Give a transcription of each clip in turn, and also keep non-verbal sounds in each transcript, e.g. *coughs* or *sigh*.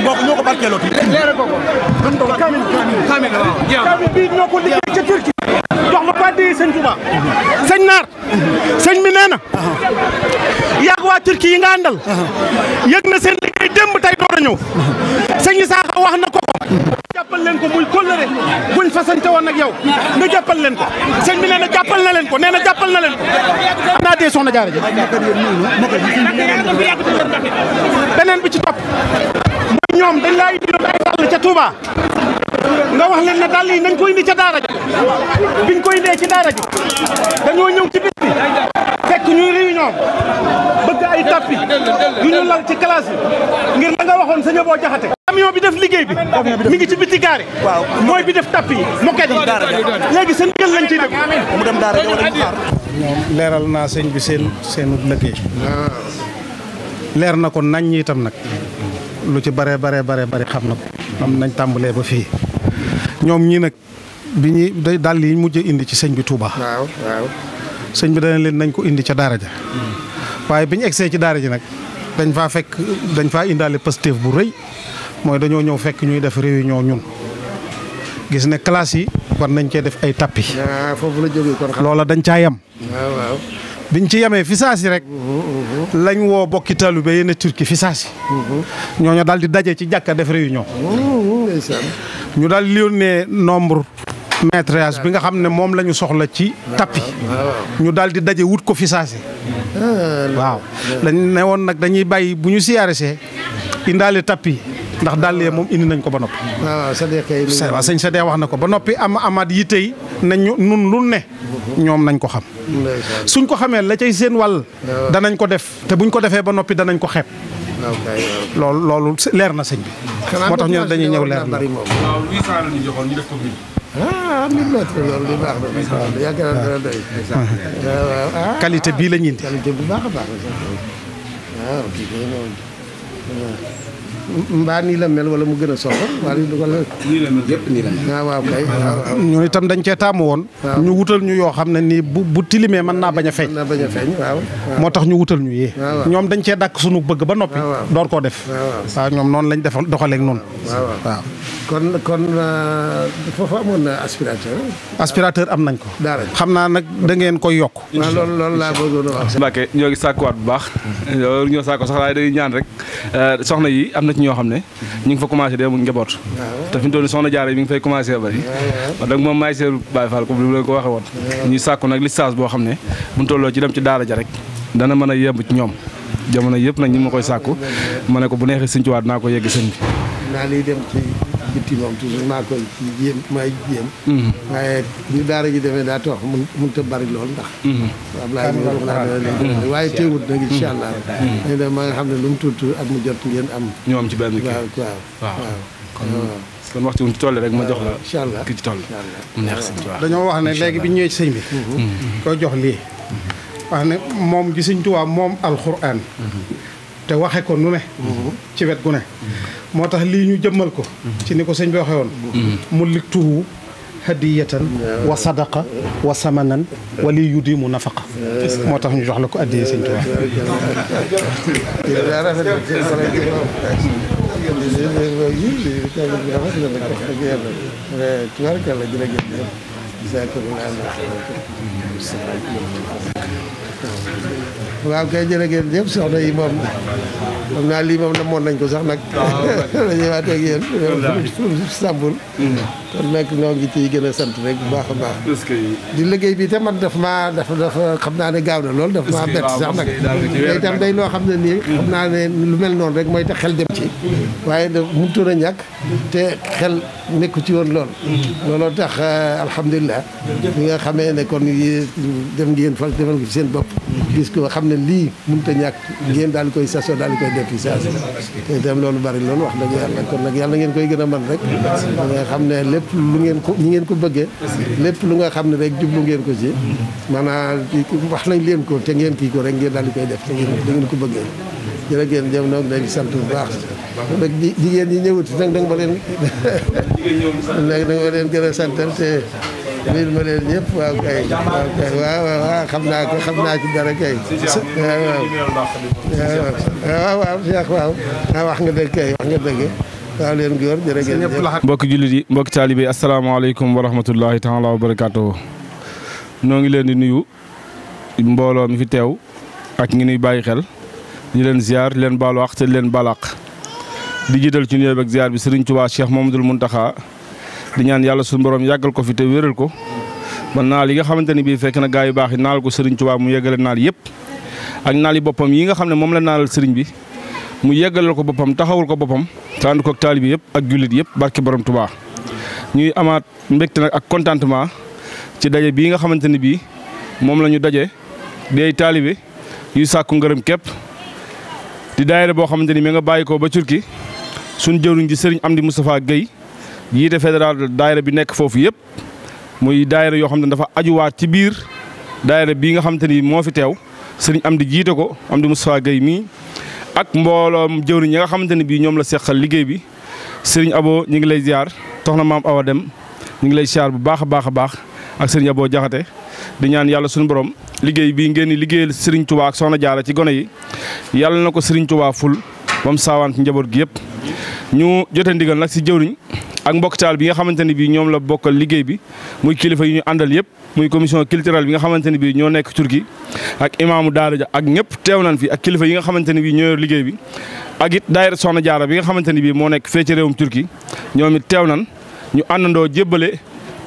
mbokk ñoo ko barkeeloo ti sëñ Touba sëñ Naar sëñ mi nee na waa Turquie yi nga àndal yëg na seen liggéey démb tey door a ñëw sëñ Isaaxa wax na ko jàppal leen ko muy kóllëre buñ fasante woon nag yow nga jàppal leen ko sëñ bi nee na na leen ko nee na jàppal na leen ko am naa dee soxna jaara jëf beneen bi ci topp ñoom dañ laa indiloon ay dàll ca Touba nga wax leen ne yi nañ ko indi ca daara ji biñ ko indee ci daara ji dañoo ñëw ci bis bi fekk ñuy réunion bëgg ay tappi yu ñu lal ci classe yi ngir la waxoon sa ñëboo jaxate léegi seen gën lañ ciy def mu dem daara ji wala ñu xaar leeral naa sëñ bi seen seenu liggéey ah. leer na ko nañ itam nag lu ci bare bare bare bare xam na ko am nañ tàmbalee ba fii ñoom ñii nag bi ñuy day dal yi mujj indi ci sëñ bi Touba. waaw sëñ bi dana leen nañ ko indi ca daara ja waaye bi ñu egsee ci daara ji nag dañ faa fekk dañ faa indaale positif bu rëy mooy dañoo ñëw fekk ñuy def réunion ñun gis ne classe yi war nañ cee def ay tappi foofu la jógee kon loola dañ caa yem. waaw waaw ci yemee fi saa rek. Mm-hmm, mm-hmm. lañu woo bokki taalibe yéen a turki fi saasi. ñooñu daal di daje ci jàkka def réunion. ñu daal di yónnee nombre. métrage bi nga xam ne moom la ñu soxla ci tapis ñu daldi di daje wut ko fi saasi. Ah, waaw dañ ne woon nag dañuy bàyyi bu ñu siyaaresee indaale tapis. ndax dàll yee moom indi nañ ko ba noppi. Ah, waaw waaw sëñ Sadee wax na ko ba noppi am amaat yi tey nañ nun lu ne. ñoom nañ ko xam. suñ ko xamee la cay seen wàll. Ah, danañ ko def te buñ ko defee ba noppi danañ ko xeeb. Ah, loolu loolu leer na sëñ bi. moo tax ñu ne dañuy ñëw leer na. ah mille mètres loolu li baax yàgg na dana bii la ñu indi. qualité a mbaa nii la mel wala mu gën a soxla wala nii itam dañ cee taamu woon ñu wutal ñu yoo xam ne nii bu bu tilimee mën naa bañ a feeñ moo tax ñu wutal ñu yi ñoom dañ cee dàkk suñu bëgg ba noppi door koo def saa ñoom noonu lañ defal doxaleeg noonu kon kon euh, foofu amoon na aspirateur. aspirateur am nañ ko. xam naa nag da ngeen koy yokk. loolu loolu laa bëggoon a wax. Mbacke ñoo ngi bu baax. loolu ñoo sàkku sax waaye ñaan rek euh, soxna yi am na ci ñoo xam ne. ñu ngi fa commencé dem njaboot. waaw te fi mu toll soxna jaara yi mi ngi fay commencé bari. waaw waaw moom maay seeru Baye Fall comme li ko waxee woon. ñuy sàkku nag licence boo xam ne bu ñu tolloo ci dem ci daara ja rek dana mën a yemb ñoom jamono yëpp nag ñu ma koy sàkku ma ne ko bu neexee sëñ naa ko yegg sëñ bi bitti moom toujours maa koy ci maay jéem mhm. waaye ñu daara ji demee daa tax mun mun ta bari lool ndax mhm. Ablaye wax naa waaye teewut nag incha mhm. allah maa nga xam ne lu mu tuuti at mu jot ngeen am ñoo am ci benn kii waaw waaw wu ñu toll rek ma jox la incha allah ki ci toll merci dañoo ne léegi bi ñëwee ci sëñ bi koo jox lii wax ne moom gi sëñ Tuubaa moom alxuraan te waxe ko nu ne ci wet gu ne motax li ñu jëmmal ko ci niko sëñ bi waxe won mu hadiyatan wa sadaqa wa samanan wa li yudimu nafaqa motax ñu jox la ko addiye sëñ Tuubaa Thank you. waaw kay jërë ngeen jëf soxna yi moom xam naa lii moom na moon nañ ko sax nag *laughs* dañuy waat ak yéen sàmbul kon nag ñoo ngi ciy gën a sant rek bu baax a baax. di liggéey bi te man daf maa xam naa ne gaaw na lool. daf maa bett sax nag te itam day loo xam ne nii. xam naa ne lu mel noonu rek mooy tax xel dem ci. waaye da mënutoon a ñàkk. te xel nekku ci woon lool. looloo tax euh, alhamdulilah. bi nga xamee ne kon dem ngeen fal defal ko ci seen bopp. gis ko xam ne lii mënut a ñàkk. ngeen daal di koy sasoo daal di koy def ci saa si. te itam loolu bari loolu wax dëgg yàlla kon nag yàlla ngeen koy gën a mën rek. nga xam ne lépp lu ngeen ko ñi ngeen ko bëggee lépp lu nga xam ne rek jublu ngeen ko ci maanaam wax nañ leen ko te ngeen kii ko rek ngeen daal di koy def te ngeen ko bëggee jërëjëf jëm nag dañ sant bu baax rek jigéen ñi ñëwati nag da nga ma leen *laughs* nag da nga ma leen gën a santal te liil ma leen ñëpp waaw kay waaw kay waaw waaw xam naa ko xam naa ci dara kay waaw waaw waaw waaw Cheikh waaw wax nga dëgg kay wax nga dëgg daa leen góor jërëjëf mbokki jullit yi mbokki taalibe yi asalaamaaleykum wa rahmatullahi taala wa barakaatuhu noo ngi leen di nuyu mbooloo mi fi teew ak ngi nuy bàyyi xel di leen ziar leen baalu àq te leen balaq di jiital ci nuyoo ak ziar bi Serigne moom Cheikh mun taxaa di ñaan yàlla su borom yàggal ko fi te wéral ko ba naal yi nga xamante ni bii fekk na gaa yu baax yi naal ko Serigne Touba mu yeggale naal yëpp ak naal yi boppam yi nga xam ne moom la naalal Serigne bi mu yeggalal ko boppam taxawul ko boppam tànd ko ak taalibi yëpp ak jullit yëpp barki borom Touba ñuy amaat mbégte nag ak contentement ci daje bii nga xamante ni bii moom la ñu daje day taalibi yuy sàkku ngërëm képp di daayira boo xamante ni mi nga bàyyi ko ba Turki suñ jëwriñ ji sëriñ Amdi Moustapha Guèye jiite fédéral daayira bi nekk foofu yëpp muy daayira yoo xam ne dafa ajuwaat ci biir daayira bii nga xamante ni moo fi teew sëriñ Amdi jiite ko Amdi Moustapha Guèye mii ak mbooloom jëwriñ ñi nga xamante ne bii ñoom la seqal liggéey bi sëriñ Abo ñu ngi lay ziar toxna maam Awa Dem ñu ngi lay ziar bu baax a baax a baax ak sëriñ Abo Jaxate di ñaan yàlla suñu borom liggéey bii ngeen di liggéeyal sëriñ Tuubaa ak soxna Jaara ci gone yi yàlla na ko sëriñ Tuubaa ful ba mu saawaan ci njaboot gi yëpp ñu jote ndigal nag si jëwriñ ak mbokk taal bi nga xamante ne bii ñoom la bokkal liggéey bi muy kilifa yi ñu àndal yëpp muy commission culturelle bi nga xamante ne bii ñoo nekk Turquie ak imaamu daara ja ak ñëpp teew nañ fi ak kilifa yi nga xamante ne bii ñoo liggéey bi ak it daayira Soxna Jaara bi nga xamante ne bii moo nekk fee ci réewum Turquie ñoom it teew nañ ñu àndandoo jébbale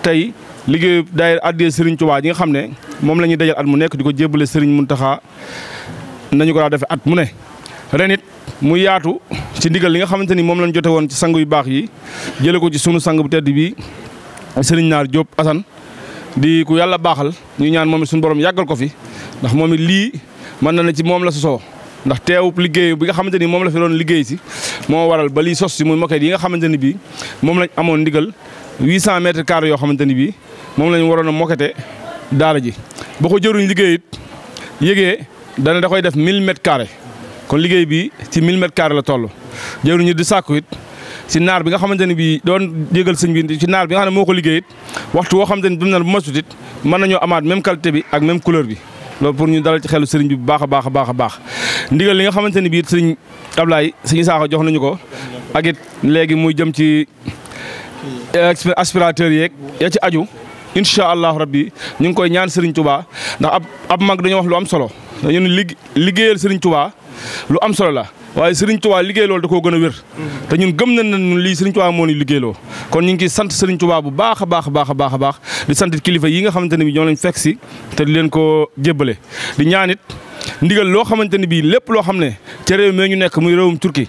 tey liggéeyu daayira addee Serigne Touba ji nga xam ne moom la ñuy dajal at mu nekk di ko jébbale Serigne Mountakha nañu ko daa defee at mu ne ren mu yaatu ci ndigal li nga xamante ni moom lañ jote woon ci sang yu baax yi jële ko ci sunu sang bu tedd bi sëriñ Naar Diop Assane di ku yàlla baaxal ñu ñaan moom suñ suñu borom yàggal ko fi ndax moom lii mën na ne ci moom la sosoo ndax teewub liggéey bi nga xamante ni moom la fi doon liggéey si moo waral ba liy sos si muy moquette yi nga xamante ni bii moom lañ amoon ndigal 800 mètres carrés yoo xamante ni bii moom lañ waroon a moquette daara ji. boo ko jëruñ liggéey it yëgee dana da koy def 1000 mètres kon liggéey bi ci 1000 mètres carrés la toll jëwriñ ñu di sàkku it ci naar bi nga xamante ne bii doon jégal sëñ bi ci naar bi nga xam moo ko liggéey it waxtu woo xamante ne bi mu ne bu it mën nañoo amaat même qualité bi ak même couleur bi loolu pour ñu dalal ci xelu sëriñ bi bu baax baax a baax a baax ndigal li nga xamante ne bii sëriñ Ablaye sëriñ Sakho jox nañu ko ak it léegi muy jëm ci eh, aspirateur yeeg ya ci aju incha allahu rabbi ñu ngi koy ñaan sëriñ Touba ndax ab ab mag dañoo wax lu am solo dañu liggéeyal sëriñ Touba lu am solo la waaye Serigne Touba liggéey loolu da koo gën a wér te ñun gëm nañ ne lii Serigne Touba moo ñu liggéeyloo kon ñu ngi ciy sant Serigne Touba bu baax a baax a baax a baax a baax di sant kilifa yi nga xamante ne bi ñoo lañ fekk si te di leen ko jébbale di ñaanit ndigal loo xamante ne bii lépp loo xam ne ca réew mi ñu nekk muy réewum Turki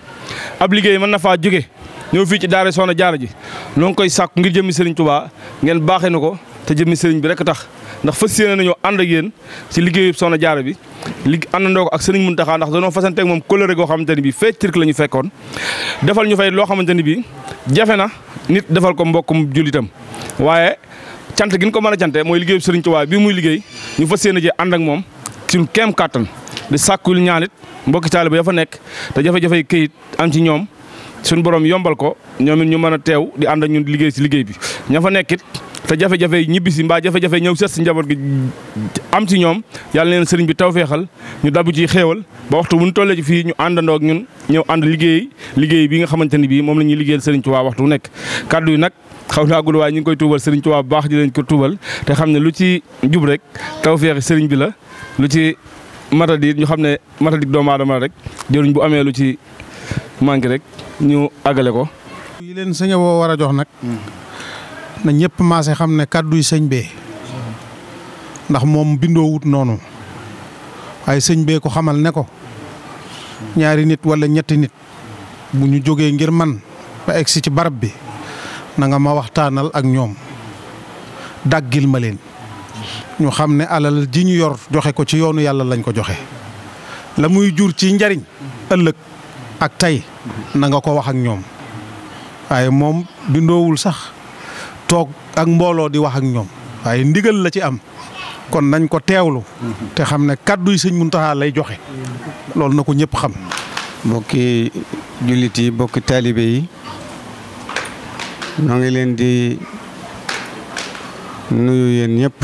ab liggéey mën na faa jóge ñëw fii ci daara Soxna Jaara ji noo koy sàkku ngir jëmmi Serigne Touba ngeen baaxee na ko te jëmmi Serigne bi rek tax ndax fas yéene nañoo ànd ak yéen ci liggéeyu Soxna Jaara bi li àndandoo ko ak Serigne Mountakha ndax danoo fasanteeg moom coloré goo xamante ni bii fee cirque la ñu fekkoon defal ñu fay loo xamante ni bii jafe na nit defal ko mbokkum jullitam waaye cant gi ñu ko mën a cante mooy liggéey liggéeyu Serigne Touba bi muy liggéey ñu fas yéene jee ànd ak moom suñu kéem kàttan di sàkkul ñaanit mbokki taaliba ya fa nekk te jafe-jafe këyit am ci ñoom suñu borom yombal ko ñoom it ñu mën a teew di ànd ak ñun liggéey si liggéey bi ña fa nekkit te jafe-jafe yi ñibbi si mbaa jafe-jafe ñëw seet si njaboot gi am si ñoom yàlla leen sëriñ bi tawféexal ñu dabu ci xéewal ba waxtu bu ñu tollee ci fii ñu àndandoo ak ñun ñëw ànd liggéey liggéey bi nga xamante ni bii moom la ñuy liggéeyal sëriñ Tuubaa waxtu nekk kaddu yi nag xaw naa gudd waaye ñu ngi koy tuubal sëriñ Tuubaa bu baax di leen ko tuubal te xam ne lu ci jub rek tawféexi sëriñ bi la lu ci matadi ñu xam ne matadi doomu aadama rek jëruñ bu amee lu ci manqué rek ñu àggale ko. yi leen sëñ war a jox nag mm. na ñëpp maase xam ne kàdduy sëñ ndax moom bindoo wut noonu waaye sëñ ko xamal ne ko ñaari nit walla ñetti nit bu ñu jógee ngir man ba egsi ci barab bi nanga ma waxtaanal ak ñoom dàggil ma leen ñu xam ne alal ji ñu yor joxe ko ci yoonu yàlla lañ ko joxe la muy jur ci njariñ ëllëg ak tey na nga ko wax ak ñoom waaye moom bindoowul sax toog ak mbooloo di wax ak ñoom waaye ndigal la ci am kon nañ ko teewlu mhm. te xam ne kàddu yi sëñ Muntaxa lay joxe loolu na ko ñëpp xam bokki jullit yi bokki taalibe yi ñoo ngi leen di nuyu yéen ñëpp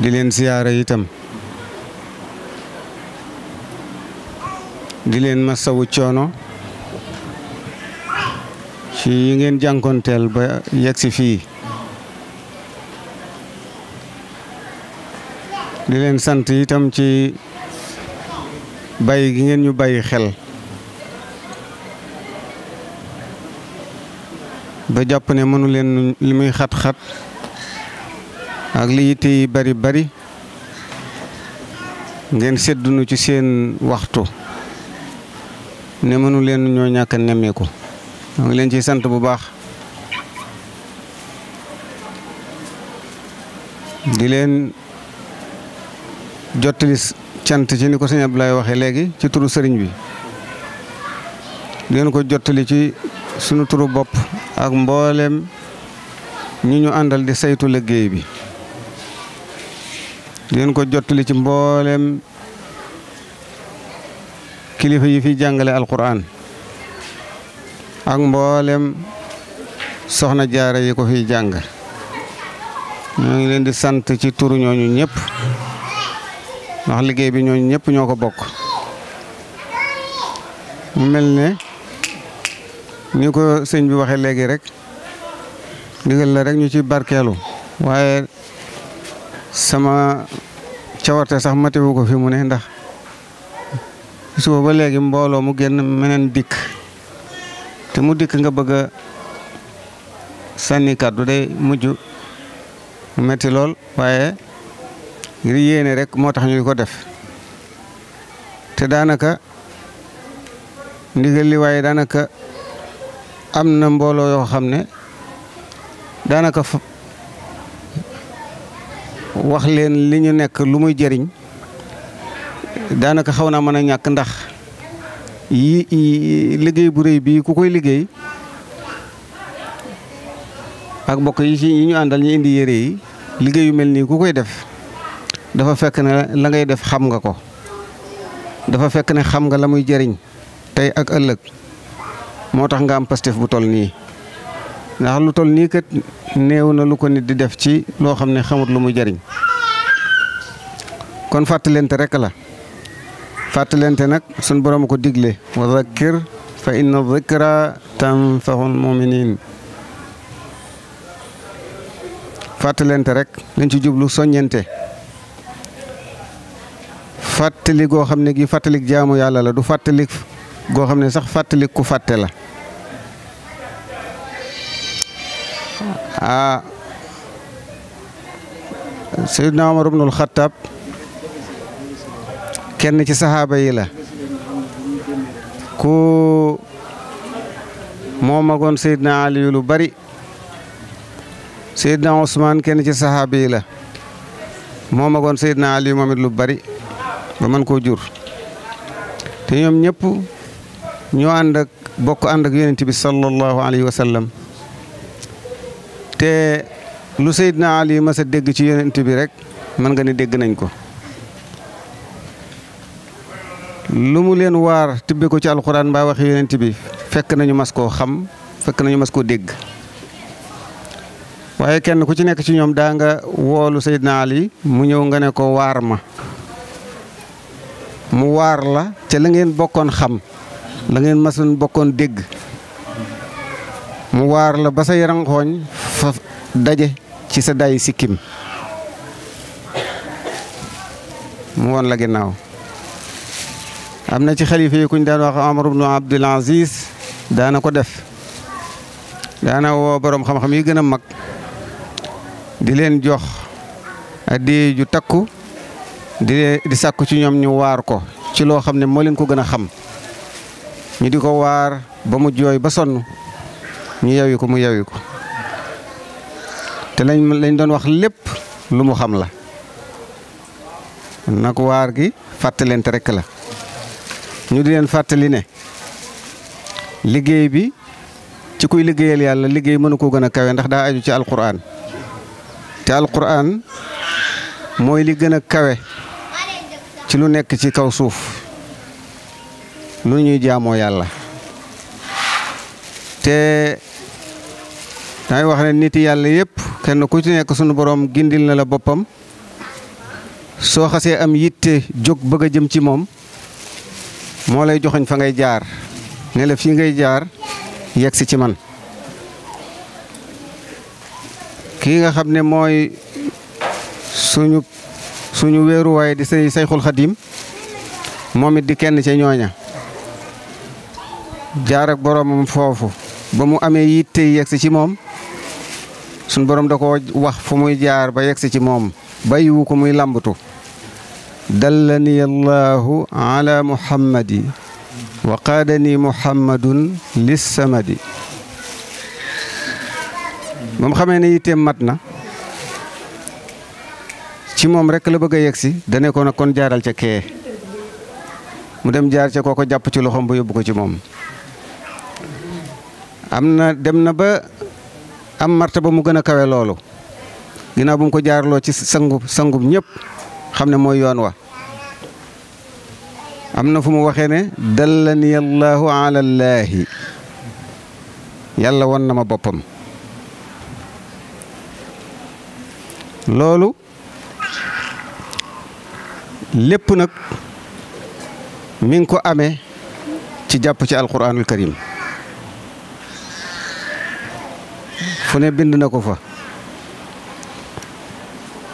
di leen siyaara itam di leen masawu coono fi ngeen jankontel ba yegg fi di len sante itam ci bay gi ngeen ñu bay xel ba japp ne mënu len limuy xat-xat ak li yitte bari bari ngeen seddunu ci seen waxtu ne mënu len ñoo ñaka nemeku ñoo ngi leen ciy sant bu baax di leen jottali cant ci ni ko sëñ Abdoulaye waxee léegi ci turu andal bi di leen ko jottali ci sunu turu bopp ak mbooleem ñi ñu di saytu bi di ko jottali ci mbooleem kilifa yi fi alquran ak mboolem soxna jaara yi ko fiy jàng ñoo ngi leen di sant ci turu ñooñu ñëpp ndax liggéey bi ñooñu ñëpp ñoo ko bokk mu mel ne ñu ko sëñ bi waxee léegi rek ndigal la rek ñu ci barkeelu waaye sama cawarte sax matewu ko fi mu ne ndax suba ba léegi mbooloo mu génn meneen dikk te mu dikk nga bëgg a sànni kàddu day mujj metti lool waaye ngir yéene rekk moo tax ñu ko def te daanaka ndigal li waaye daanaka am na mbooloo yoo xam ne daanaka wax leen li ñu nekk lu muy jëriñ daanaka xaw naa mën a ñàkk ndax yi liggey bu reuy bi ku koy liggey ak mbokk yi ci ñu andal ñi indi yere yi liggey yu melni ku koy def dafa fekk ne la ngay def xam nga ko dafa fekk ne xam nga lamuy jeriñ tay ak ëlëk motax nga am pastef bu toll nii ndax lu toll nii kat neew na lu ko nit di def ci lo xamne ne xamut lu muy jeriñ kon fàttalente rek la. fàttalente nag sun borom ko digle wa zakkir fa inna zikra tanfahul muminin fàttalente rek lañ ci jublu soññente fàttali goo xam ne gi fàttalik jaamu yàlla la du fàttalik goo xam ne sax fàttalik ku fàtte la ah Seydina Omar ibnul Xattaab kenn ci saxaaba yi la ku moo magoon Seydina Aliyu lu bari Seydina Ousmane kenn ci saxaaba yi la moo magoon Seydina Aliyu moom lu bari ba mën koo jur te ñoom ñëpp ñoo ànd bokk ànd ak yonent bi sallallahu alayhi wa te lu Seydina Aliyu mas a dégg ci yonent bi rek mën nga ni dégg nañ ko Lumulian len war kuchal tibbe ko ci alquran ba waxi yenen tibbi fek nañu mas ko xam fek nañu mas ko deg waye kenn ku ci nek ci ñom da nga wolu sayyidna Ali mu ñew nga ne ko war ma mu war la ca la ngeen bokkon xam la ngeen masun bokkon deg mu war la ba say xogn fa daje ci sa day sikkim mu won la am ci khalifa yi kuñ daan wax Omar ibnu Abdul Aziz daana ko def daana wo borom xam-xam yi gëna mag di len jox addiya ju takku di di sakku ci ñom ñu war ko ci lo xamne mo leen ko gëna xam ñu diko war ba mu joy ba ñu yawi ko mu yawi ko te lañ lañ doon wax lepp lu mu xam la nak war gi fatelent rek la ñu di len fatali ne liggey bi ci kuy liggeyal yalla liggey mënu ko gëna kawé kawe ndax da aju ci alquran te alquran moy li gëna kawé ci lu nekk ci kaw suuf lu ñuy jaamoo yalla te damay wax ne nit yalla yépp kenn ku ci nekk suñu borom gindil na la bopam so xasse am yitte jog bëgg jëm ci mom moo lay joxoñ fa ngay jaar ne yi ngay jaar yegg si ci man kii nga xam ne mooy suñu suñu wéeruwaay di say sayxul xadim moom it di kenn ca ñooña jaar ak boromam foofu ba mu amee yitte yegg si ci moom suñ borom da ko wax fu muy jaar ba yegg si ci moom bàyyiwu ko muy làmbatu dallani allahu ala muhammadi wa qaadani muhammadun lissamadi moom xamee ne yitteem mat na ci moom rek la bëgg a yegsi dane ko kon jaaral ca kee mu dem jaar ca ko jàpp ci loxoom ba yóbbu ko ci moom am na dem na ba am ba mu gën a kawe loolu ginnaaw bu mu ko jaarloo ci sangu sangub ñépp xam ne mooy yoon wa am na fu mu waxee ne dallani allahu yàlla won na ma boppam loolu lépp nag mi ngi ko ame ci jàpp ci alquranul karim fu ne bind na ko fa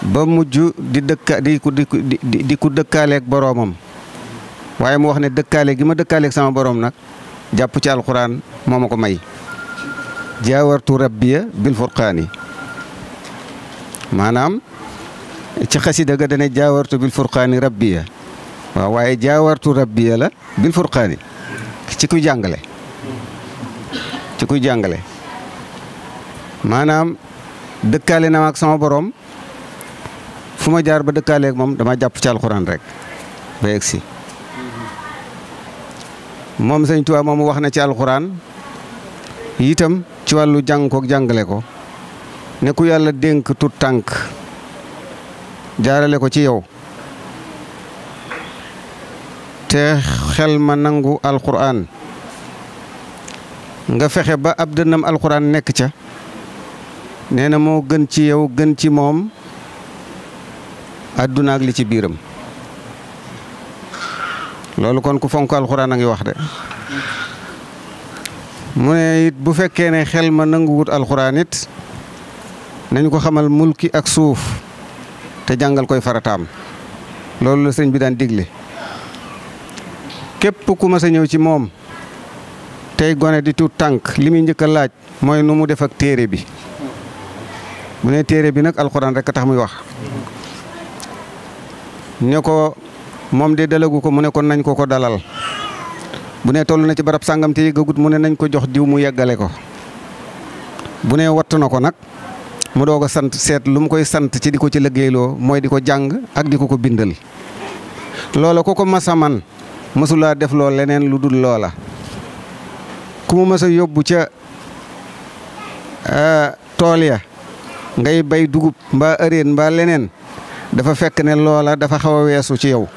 ba mujj di dekk di ku di di ku ak boromam waye mu wax ne dekkale gi ma sama borom nak? Japucal ci alquran momako Jawar tu may jawartu rabbiya bil Furqani. manam ci khasida ga dane jawartu bil furqaani rabbiya wa waye tu rabbiya la bil Furqani. ci ku jangale ci Mana? jangale manam dekkale na ak sama borom fuma jaar ba ak mom dama japp ci rek ba yegg Mom seigne touba mom waxna ci alxuraan yitam ci walu jang ko jangale ko ne ku yalla denk tout tank jaarale ko ci yow te xel ma nangu alxuraan nga fexé ba abdunam dënnam nek ca nee mo gën ci yow gën ci mom aduna ak li ci biram lolou kon ku fonk alquran ngi wax de mune it bu fekke ne xel ma alquran it ko xamal mulki ak suuf te jangal koy faratam lolou la bi dan digle kep ku ma sa ñew ci mom tay goné di tout tank limi ñëk laaj moy nu mu def ak téré bi mune téré bi nak alquran rek tax muy wax ne ko moom de dalagu ko mu ne nañ ko ko dalal bu ne tollu na ci barab sangam te yegagut mu ne nañ ko jox diw mu yeggale ko bu ne watt nako nak mu dogo sante sant lum koy sant ci diko ko ci liggéeyloo moy di jang ak di ko bindal lolo ku ko mas man musula def loo lenen luddul lola kumu massa yobbu eh, ya ngay bay dugub mba ëreen mba lenen. dafa fekk ne loola dafa xaw a weesu ci yow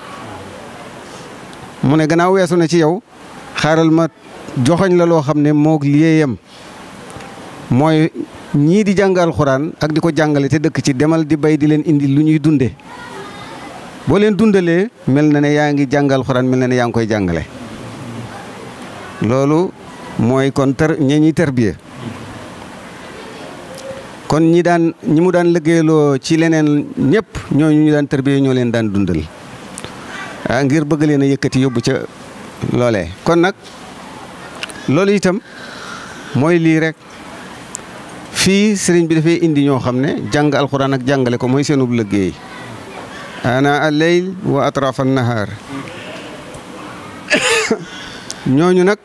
mu ne ganaaw weesu na ci yow xaaral ma joxoñ la loo xam ne moog liyeeyam mooy ñii di jàngal xuraan ak di ko jàngale te dëkk ci demal di bay di leen indi lu ñuy dunde boo leen dundalee mel na ne yaa ngi jàngal alxuraan mel na ne yaa ngi koy jàngale loolu mooy kon ter ña ñuy terbiye kon ñi daan ñi mu daan liggéeyloo ci leneen ñépp ñooñu ñu daan tërbiyee ñoo leen daan dundal ah, ngir bëgg leen a yóbbu ca loole kon nag loolu itam mooy lii rek fii sëriñ bi dafay indi ñoo xam ne jàng alxuraan ak jàngale ko mooy seenub liggéey ana al-layl wa atrafa an *coughs* ñooñu nag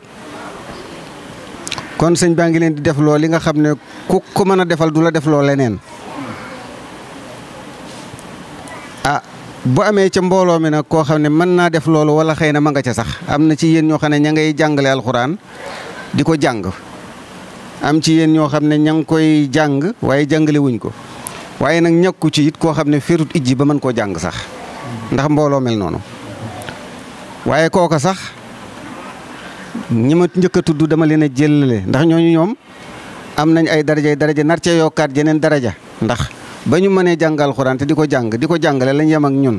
kon sëñ baa ngi leen di def loolu nga xam ne ku ko mën a defal du la def loo leneen a ah, bu amee ca mbooloo mi nag koo xam ne mën naa def loolu wala xëy na man nga ca sax am na ci yéen ñoo xam ne ña ngay jàngale alxuraan di ko jàng am ci yéen ñoo xam ne ña ngi koy jàng waaye jàngale ko waaye nag ñàkku ci it koo xam ne féerut ijji ba mën koo jàng sax ndax mbooloo mel noonu waaye kooka sax ñi ma njëkk a tudd dama leen a jëlale ndax ñooñu ñoom am nañ ay daraja daraja nar cee yokkaat yeneen daraja ndax ba ñu mënee jàngal xuraan te di ko jàng di ko jàngale lañ yem ak ñun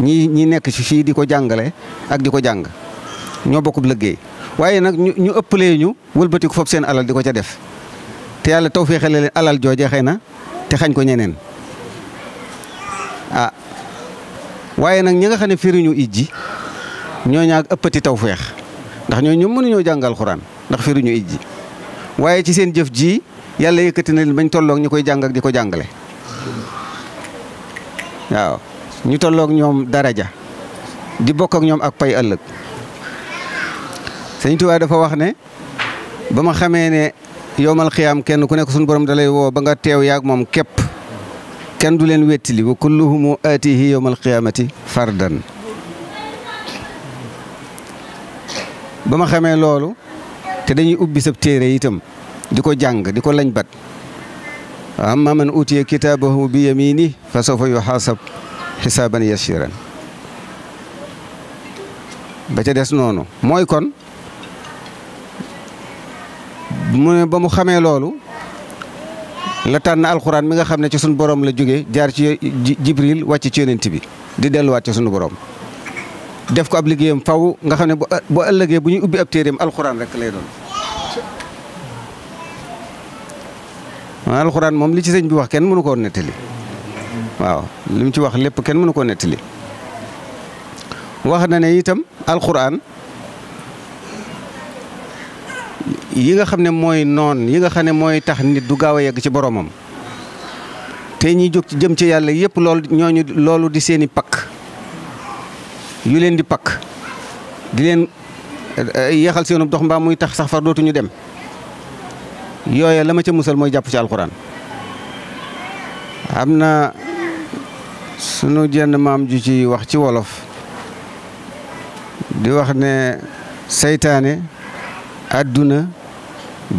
ñii ñii nekk ci fii di ko jàngale ak di ko jàng ñoo bokkut liggéey waaye nag ñu ñu ëppalee ñu wëlbatiku foofu seen alal di ko ca def te yàlla taw fexe leen alal jooje xëy na te xañ ko ñeneen ah waaye nag ñi nga xam ne firiñu ijji ñoo ñaag ëppati taw feex ndax ñoo ñoom mënuñoo jàngal xuraan ndax firiñu ijji waye ci seen jëf ji yalla yëkëti na leen bañ tollok ñukoy koy ak di jangalé waaw ñu tolloog daraja di bok ak ñom ak pay ëlëk sëñ Tuubaa dafa wax ne bama xamé ne yowmal qiyam kenn ku nekk suñu borom dalay wo ba nga tew yaak mom kep kenn du leen wettili wa kulluhum aatihi yowmal qiyamati fardan Bama xamé lolu te dañuy ubbi sab téere itam di ko jàng di ko lañ bat amma man utiya kitaabahu bi yamini fa sawfa yuhaasab xisaaban yasiran ba ca des noonu mooy kon mu ne ba mu xamee loolu la tànn alxuraan mi nga xam ne ci sunu borom la jóge jaar ci jibril wàcc ci yonent bi di delluwaat ca sunu borom def ko ab liggéeyam faw nga xam ne bu ëllëgee bu ñuy ubbi ab téereem alxuraan rek lay doon maanaam alxuraan moom li ci sëñ bi wax kenn mënu koo nettali waaw li mu ci wax lépp kenn mënu koo nettali wax na ne itam alxuraan yi nga xam ne mooy noon yi nga xam ne mooy tax nit du gaaw a yegg ci boromam te ñi jóg ci jëm ci yàlla yëpp loolu ñooñu loolu di seeni pakk yu leen di pakk di leen eh, eh, yeexal seenu dox mbaam muy tax sax far dootuñu dem yooya la ma ca musal mooy jàpp ci alxuraan am na sunu jenn maam ju ci wax ci wolof di wax ne seytaane àdduna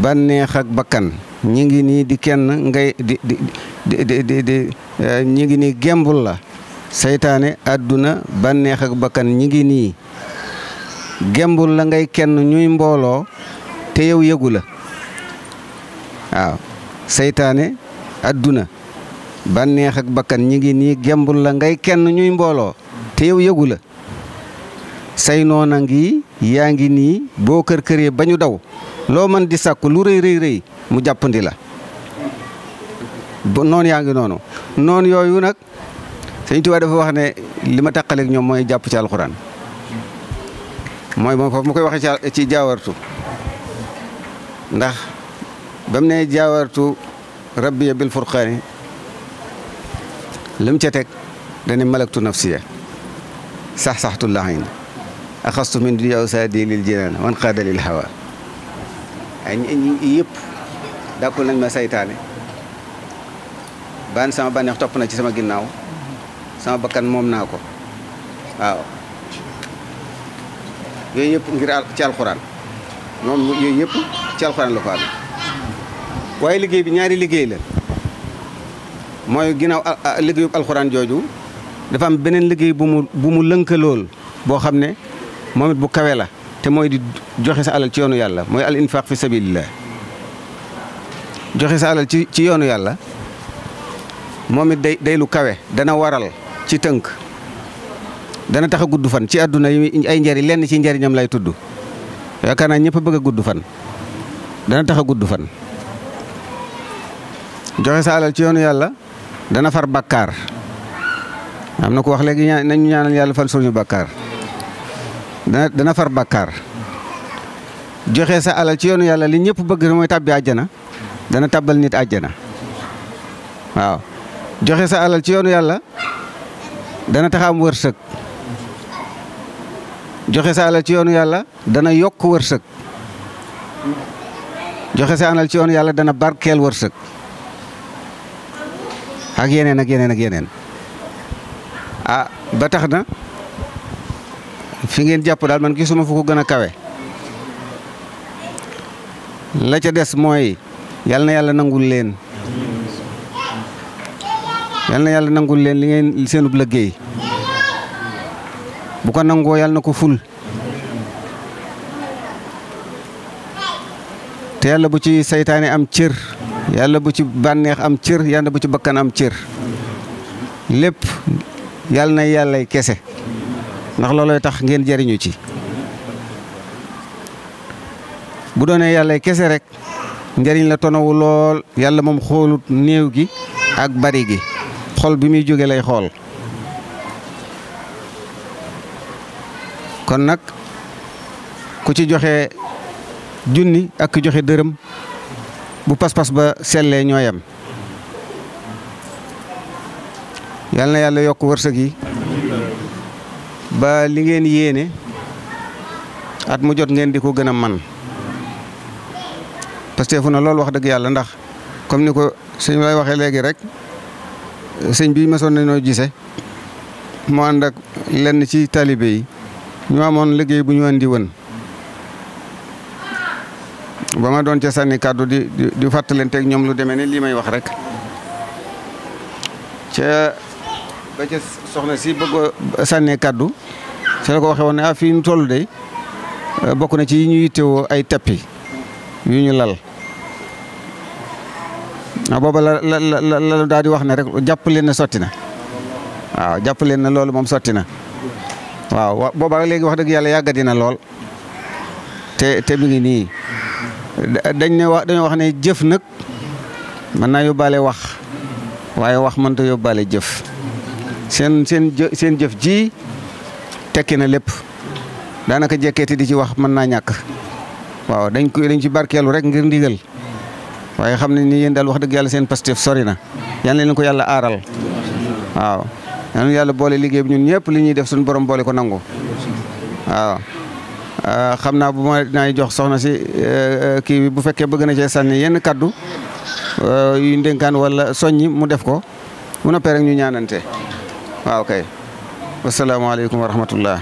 bànneex ak bakkan ñi ngi nii di kenn ngay di di di di ñi ngi nii gembul la seytaane àdduna bànneex ak bakkan ñi ngi nii gembul la ngay kenn ñuy mbooloo te yow yëgu la waaw seytaane aduna bànneex ak bakkan ñi ngi ni gembul la ngay kenn ñuy mbolo te yow yegula say nona ngi yaangi ni bo boo kër bañu daw lo man di sakku lu reey reey reey mu jappandi la noonu yaa ngi noonu noonu yooyu nag sëñ Tuubaa dafa wax ne lima ma ak ñom moy japp ci alquran moy mo fa mu koy ci jaawartu ndax ba mu ne jaawartu rabbiya bil furqaani lu mu ca teg dane malaktu nafsiya sax saxtu laxin axastu min dunya usaadi lil jinaan wan qaada lil hawa ay yëpp dàkkul nañ ma seytaane baan sama bànneex topp na ci sama ginnaaw sama bakkan moom naa ko waaw yooyu yëpp ngir ci alxuraan moom yooyu yëpp ci alxuraan la ko amee waaye liggéey bi ñaari liggéey la mooy ginnaaw liggéeyub alxuraan jooju dafa am beneen liggéey bu mu bu lool boo xam ne moom bu kawe la te mooy di joxe sa alal ci yoonu yàlla mooy al infaq fi sabilillah joxe sa alal ci ci yoonu yàlla moom it day day lu kawe dana waral ci tënk dana tax a gudd fan ci àdduna yi ay njari lenn ci njariñam lay tudd yaakaar naa ñëpp bëgg a gudd fan dana tax a gudd fan joxe sa ci yoonu yalla dana far bakar. amna ko wax legi nañu ñaanal yalla fal suñu bakar. dana far bakar. joxe sa alal ci yoonu yalla li ñepp bëgg moy tabbi aljana dana tabal nit aljana waaw joxe sa alal ci yoonu yalla dana taxam wërseuk joxe sa alal ci yoonu yalla dana yok wërseuk joxe sa alal ci yoonu yalla dana barkel wërseuk ak yeneen ak yeneen ak yeneen ah ba tax na fi ngeen jàpp daal man gisuma fu ko gën a kawe la ca des mooy yal na yàlla nangul leen yal na yàlla nangu leen li ngeen seenub liggéey bu ko nangoo yal na ko ful te yàlla bu ci seytaane am cër yalla bu ci banex am cër yalla bu ci bakkan am cër lepp yalla na yàllay kese ndax loloy tax ngeen jariñu ci bu doonee yàllay kese rek njariñ la tonawu lol yalla mom xolut neew gi ak bari gi xol bi mi joge lay xol kon nak ku ci joxe junni ak joxe deureum bu pas pass ba selé ñoyam yalla yalla yok yàlla yokk yi ba li ngeen yéene at mu jot ngeen diko gëna man parce que fu na lool wax deug yalla ndax comme niko señ sëñ lay waxee rek señ bi mësoon nañu gise mu and ak lenn ci talibé yi ñu amone liggéey bu ñu andi wone ba ma doon ca sànni kàddu di di fàttalanteeg ñoom lu demee ne lii may wax rek ca soxna si bëgg a kàddu ca la ko waxee woon ne ah fii ñu de eh, bokk na ci yi ñu yittewoo ay tappi yu ñu lal a ah, booba la la la la wax ne rek jàpp leen na sotti na waaw jàpp leen na loolu moom sotti na waaw booba léegi wax dëgg yàlla yàggati na lool te mi ngi nii. dañ ne wax dañoo wax ne jëf nag mën naa yóbbaale wax waye wax mënta yóbbaale jëf sen sen sen jëf ji tekki na lépp daanaka jekkeeti di ci wax man na ñak waaw dañ ko dañ ci barkeelu rek ngir ndigal waye xamni ni yeen dal wax deug yalla sen pastef sori na yal leen ko yalla aral waaw yal na boole liggéey ñun ñepp li ñuy def suñu borom boole ko nangoo waaw Euh, xam naa bu ma naay jox soxna si euh, euh, kii bi bu fekkee bëgg na cee sànni yenn kaddu yu ndénkaan wala soññi mu def ko mu noppee rek ñu ñaanante waaw kay wasalaamaaleykum wa rahmatullah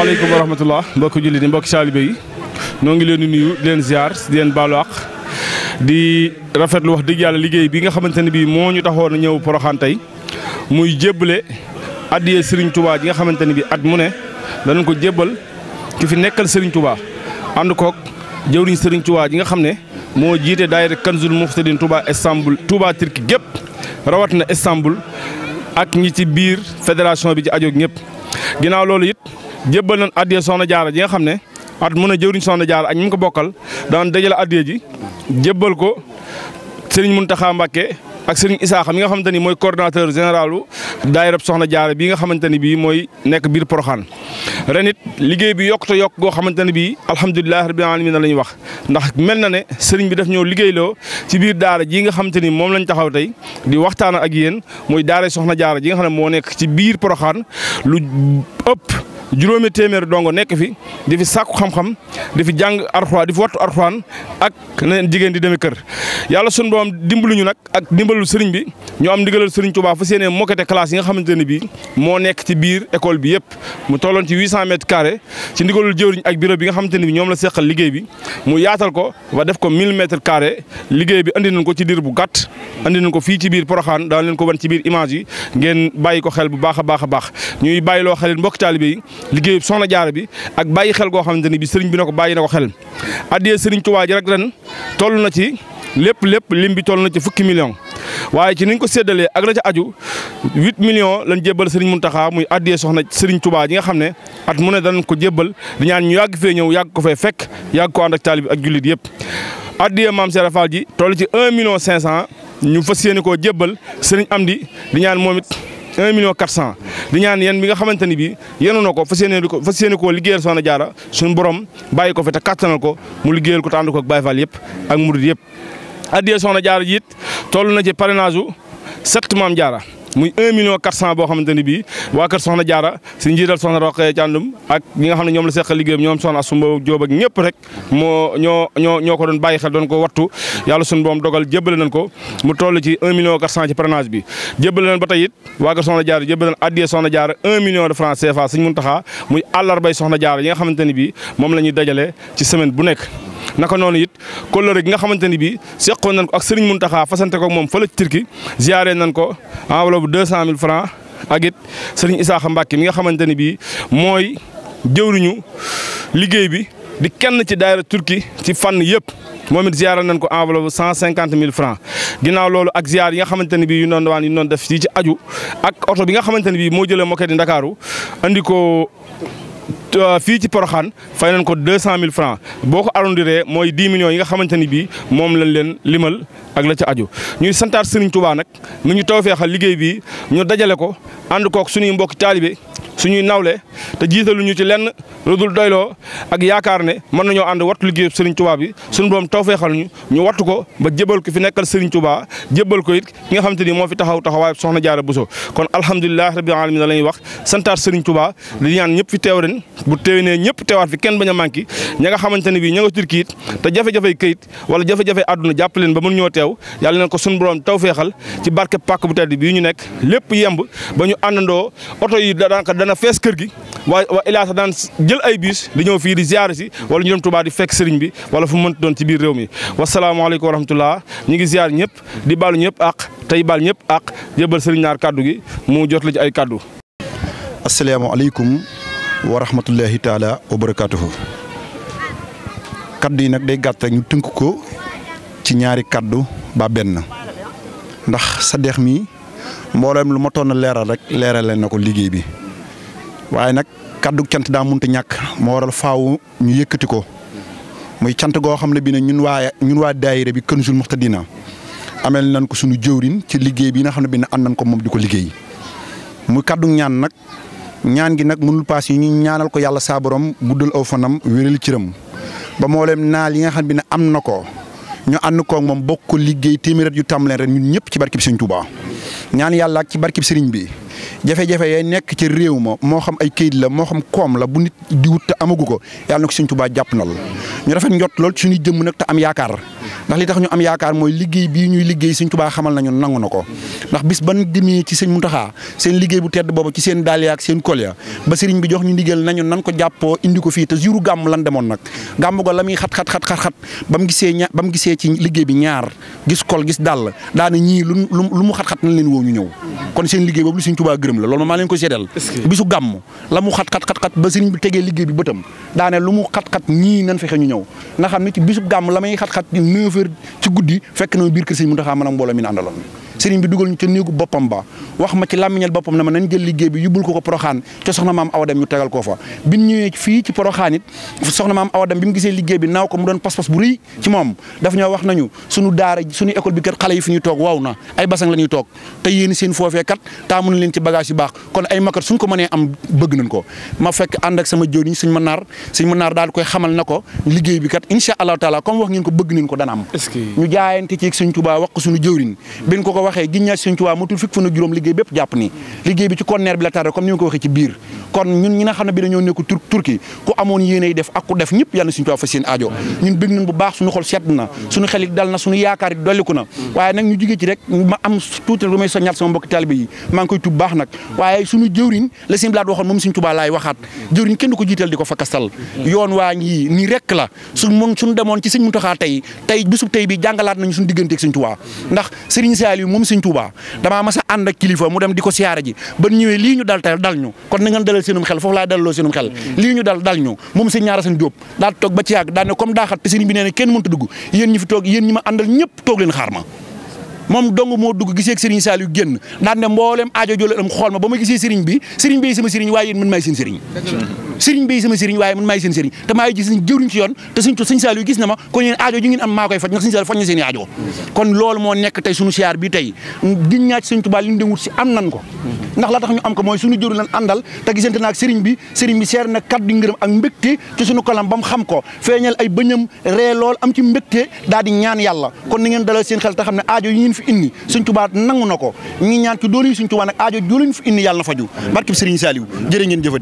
asalaamaaleykum wa rahmatullah mbokki jullit yi mbokki taalibe yi noo ngi leen di nuyu di leen ziar di leen baalu àq di rafetlu wax dëgg yàlla liggéey bi nga xamante ne bii moo ñu taxoon a ñëw Poroxaan tey muy jébbale addiyee Serigne Touba ji nga xamante ne bii at mu ne danañ ko jébbal ki fi nekkal Serigne Touba ànd koog jëwriñ Serigne Touba ji nga xam ne moo jiite daayira Kanzul Muxtadin Touba Istanbul Touba Turki gépp rawat na Istanbul ak ñi ci biir fédération bi ci ajoog ñëpp ginnaaw loolu it jébbal nañ addiya soxna jaara ji nga xam ne at mën a jëwriñ soxna jaara ak ñu ngi ko bokkal daan dajale addiya ji jébbal ko sëriñ mun Mbàkke ak sëriñ Isaaxa mi nga xamante ni mooy coordonnateur généralu daayira soxna jaara bi nga xamante ni bii mooy nekk biir Poroxaan ren it liggéey bi yokk te yokk goo xamante ne bii alhamdulilah rabbil alamin la ñuy wax ndax mel na ne sëriñ bi ñëw liggéeyloo ci biir daara ji nga xamante ni moom lañ taxaw tey di waxtaan ak yéen mooy daara soxna jaara ji nga xam ne moo nekk ci biir Poroxaan lu ëpp juróomi téeméer dongo nekk fi di fi sàkku xam-xam di fi jàng arxuwaan di fi wattu arxuwaan ak na jigéen di demee kër yàlla sunu boom dimbaluñu nag ak dimbalu sëriñ bi ñu am ndigalal sëriñ Tuubaa fa seenee mokkete classe yi nga xamante ne bii moo nekk ci biir école bi yëpp mu tolloon ci 800 mètres carrés ci ndigalul jëwriñ ak bureau bi nga xamante ne bi ñoom la seqal liggéey bi mu yaatal ko ba def ko 1000 mètres liggéey bi andi nañ ko ci diir bu gàtt andi nañ ko fii ci biir Poroxaan daan leen ko wan ci biir image yi ngeen bàyyi ko bu baax a baax a baax ñuy bàyyiloo xel mbokk taalibe yi liggéeyub soxna jaare bi ak bàyyi xel goo xamante ne bi sëriñ bi na ko bàyyi na ko xel addee sëriñ Tuubaa ji rek ren toll na ci lépp lépp lim bi toll na ci fukki million waaye ci niñ ko séddalee ak la ca aju huit millions lañ jébbal mun Mountakha muy addiyee soxna Serigne Touba ji nga xam ne at mu ne danañ ko jébbal di ñaan ñu yàgg fee ñëw yàgg ko fee fekk yàgg ko ànd ak taalib ak jullit yëpp. addiyee maam Serigne Fall ji toll ci un million cinq cent ñu fas yéene koo jébbal Serigne Amdi di ñaan moom it 1 million 400 di ñaan yéen bi nga xamante ni bi yenu na ko fas yéene ko fas yéene koo liggéeyal soxna jaara suñu borom bàyyi ko fi te kattanal ko mu liggéeyal ko te ànd ko ak Baye Fall yëpp ak murid yëpp addiyee soxna jaara ji it na ci parrainage u sept maam jaara muy 1 million 400 boo xamante ne bii waa kër Soxna Jaara si njiital Soxna Roqee Càndum ak ñi nga xam ne ñoom la seqal liggéeyam ñoom Soxna Asumba Jóob ak ñëpp rek moo ñoo ñoo ñoo ko doon bàyyi xel doon ko wattu yàlla suñu boom dogal jébbale nañ ko mu toll ci 1 million 400 ci parrainage bi jébbale nañ ba tey it waa kër Soxna Jaara jébbale nañ addiyee Soxna Jaara 1 million de francs CFA Sëñ Muntaxa muy àllarbay Soxna Jaara yi nga xamante ne bii moom la ñuy dajale ci semaine bu naka noonu it kóllëre gi nga xamante ni bii seqoon nañ ko ak Serigne taxa fasante ko moom fële ci Turquie ziare nañ ko enveloppe deux cent mille francs ak it Serigne Issakha Mbacké mi nga xamante ni bii mooy jëwriñu liggéey bi di kenn ci daayira Turquie ci fànn yëpp. moom it ziare nañ ko enveloppe cent cinquante mille francs ginnaaw loolu ak ziar yi nga xamante ne bii yu doon dawaan yu def fii ci aju ak oto bi nga xamante ne bii moo jëlee moquette Ndakaaru andi ko Euh, fii ci Poroxaan fay nañ ko deux cent mille francs boo ko arrondiree mooy dix millions yi nga xamante ni bii moom lañ leen limal ak la ci ajo ñuy santaat Serigne Touba nag mi ñu tawfeexal liggéey bi ñu dajale ko ànd kook suñuy mbokki taalibe suñuy nawle te jiitaluñu ci lenn lu dul doyloo ak yaakaar ne mën nañoo ànd wattu liggéeyu Serigne Touba bi suñu borom tawfeexal ñu ñu wattu ko ba jëbal ko fi nekkal Serigne Touba jëbal ko it ki nga xam te ni moo fi taxaw taxawaay soxna Jaara Buso kon alhamdulilah rabbil alamin la ñuy wax santaat Serigne Touba di ñaan ñëpp fi teew ren bu teewee ñëpp teewaat fi kenn bañ a manqué ña nga xamante ne bii ña nga turki it te jafe-jafey këyit wala jafe-jafey àdduna jàpp leen ba mën ñoo teew yàlla na ko suñu borom tawfeexal ci barke pàkk bu tedd bii ñu nekk lépp yemb ba ñu àndandoo oto yi daanaka daan fees kër gi waa waa Ilaasa daan jël ay biis di ñëw fii di ziare si wala ñu dem Touba di fekk sëriñ bi wala fu mu mënti doon ci biir réew mi wasalaamaaleykum wa rahmatullah ñu ngi ziar ñëpp di balu ñëpp ak tey baal ñëpp ak jëbal sëriñ naar kàddu gi mu jot la ci ay kàddu asalaamaaleykum wa rahmatullahi taala wa barakaatuhu kaddu yi nag day gàtt ñu tënk ko ci ñaari kàddu ba benn ndax sa dex mi mboolem lu ma toon leeral rek leerale na ko liggéey bi. waaye nag kaddu cant daa munta ñàkk moo waral faaw ñu yëkkati ko muy cant goo xam ne bi ne ñun waa ñun waa daayira bi Kanzul Muhtadina amel nañ ko suñu jëwrin ci liggéey bi nga xam ne bi ne ànd nañ ko moom di ko liggéey muy kaddu ñaan nag ñaan gi nag mënul paas yi ñaanal ko yàlla saa borom guddal aw fanam wéral ba moo leen naal yi xam ne bi ne am na ko ñu ànd koog moom bokk ko liggéey téeméer yu tàmbalee ren ñun ñëpp ci bi Sëriñ Touba ñaan yàlla ak ci barkib sëriñ bi jafe-jafe yay nekk ci réew ma moo xam ay kayit la moo xam koom la bu nit di wut te amagu ko yàlla na ko Sëñ Tuubaa jàpp na la ñu rafet njot lool suñuy jëmm nag te am yaakaar ndax li tax ñu am yaakaar mooy liggéey bii ñuy liggéey Sëñ Tuubaa xamal nañu nangu na ko ndax bis ban demee ci sëñ Muntaxa seen liggéey bu tedd boobu ci seen daal ak seen kol ya ba sëriñ bi jox ñu ndigal nañu nan ko jàppoo indi ko fii te juru gàmm lan demoon nag gàmm go la muy xat xat xat xat xat ba mu gisee ña ba mu gisee ci liggéey bi ñaar gis kol gis dàll daana ñii lu lu mu xat-xat nañ woo ñu ñëw Touba gërëm la loolu ma leen ko seedeel bisu gam la mu xat xat xat xat ba sëriñ bi tegee liggéey bi bëtam daane lu mu xat xat ñi nañ fexé ñu ñëw nga xamni ci bisu gam la may xat xat 9 h ci guddii fekk na biir kër sëriñ Mountakha mën a mbooloo mi andalon sëriñ bi duggal ñu ci néegu bopam ba wax ma ci làmmiñal bopam na ma nañ jël liggéey bi yubul ko ko proxan ci soxna maam awadam dem ñu tegal ko fa bi ñu ñëwee fii ci proxanit soxna maam awadam dem bi mu gisee liggéey bi naaw ko mu doon pass pass bu reuy ci mom daf ñoo wax nañu suñu daara suñu école bi kër xalé yi fi ñu tok waw na ay basang lañuy tok toog te yéen seen fofé kat taamu na leen ci ci baax kon ay makat suñ ko mënee am bëgg nañ ko ma fekk ànd ak sama jëriñ suñ ma naar suñ ma naar daal koy xamal na ko liggéey bi kat incha allahu taala comme wax ngeen ko bëgg nañ ko dana am tuuti lu may soññaat sama mbokki taalibe yi maa ngi koy tub baax wax nag waaye suñu jëwriñ la sëñ Blaat waxoon moom suñ Tuubaa laay waxaat jëwriñ kenn du ko jiital di ko fakastal yoon waa ngi nii rek la suñ demoon ci sëñ Muntaxaa tey tey bisub tey moom sëñ Tuubaa damaa mas a ànd mu dem di ko siyaare ji ba ñëwee lii ñu dal dal ñu moom sëñ ñaara seen Jóob daa toog ba ci yàgg daa ne comme daa xat te sëriñ bi nee ne kenn mënta dugg yéen ñi fi toog yéen ñi ma àndal ñëpp toog leen xaar ma moom dong moo dugg gisee ak Serigne Saliou génn daan ne mboolem aajo jole am xool ma ba ma gisee Serigne bi Serigne bi sama Serigne waaye yéen man maay seen Serigne. Serigne bi sama Serigne waaye man maay seen ci na ma kon sunu la tax ñu am ko mooy suñu jëru lan àndal te gisante naak sëriñ bi sëriñ bi seer na kalam ba mu xam ko feeñal ay bëñam ree lool am ci mbégte daal di ñaan yàlla kon ni ngeen seen xel te ne aajo fi indi Sëñ Tuubaa nangu na ñi ñaan ci doole yi Sëñ nag aajo jooluñ fi indi yàlla na faju barkib Sëriñ Saaliw jërë ngeen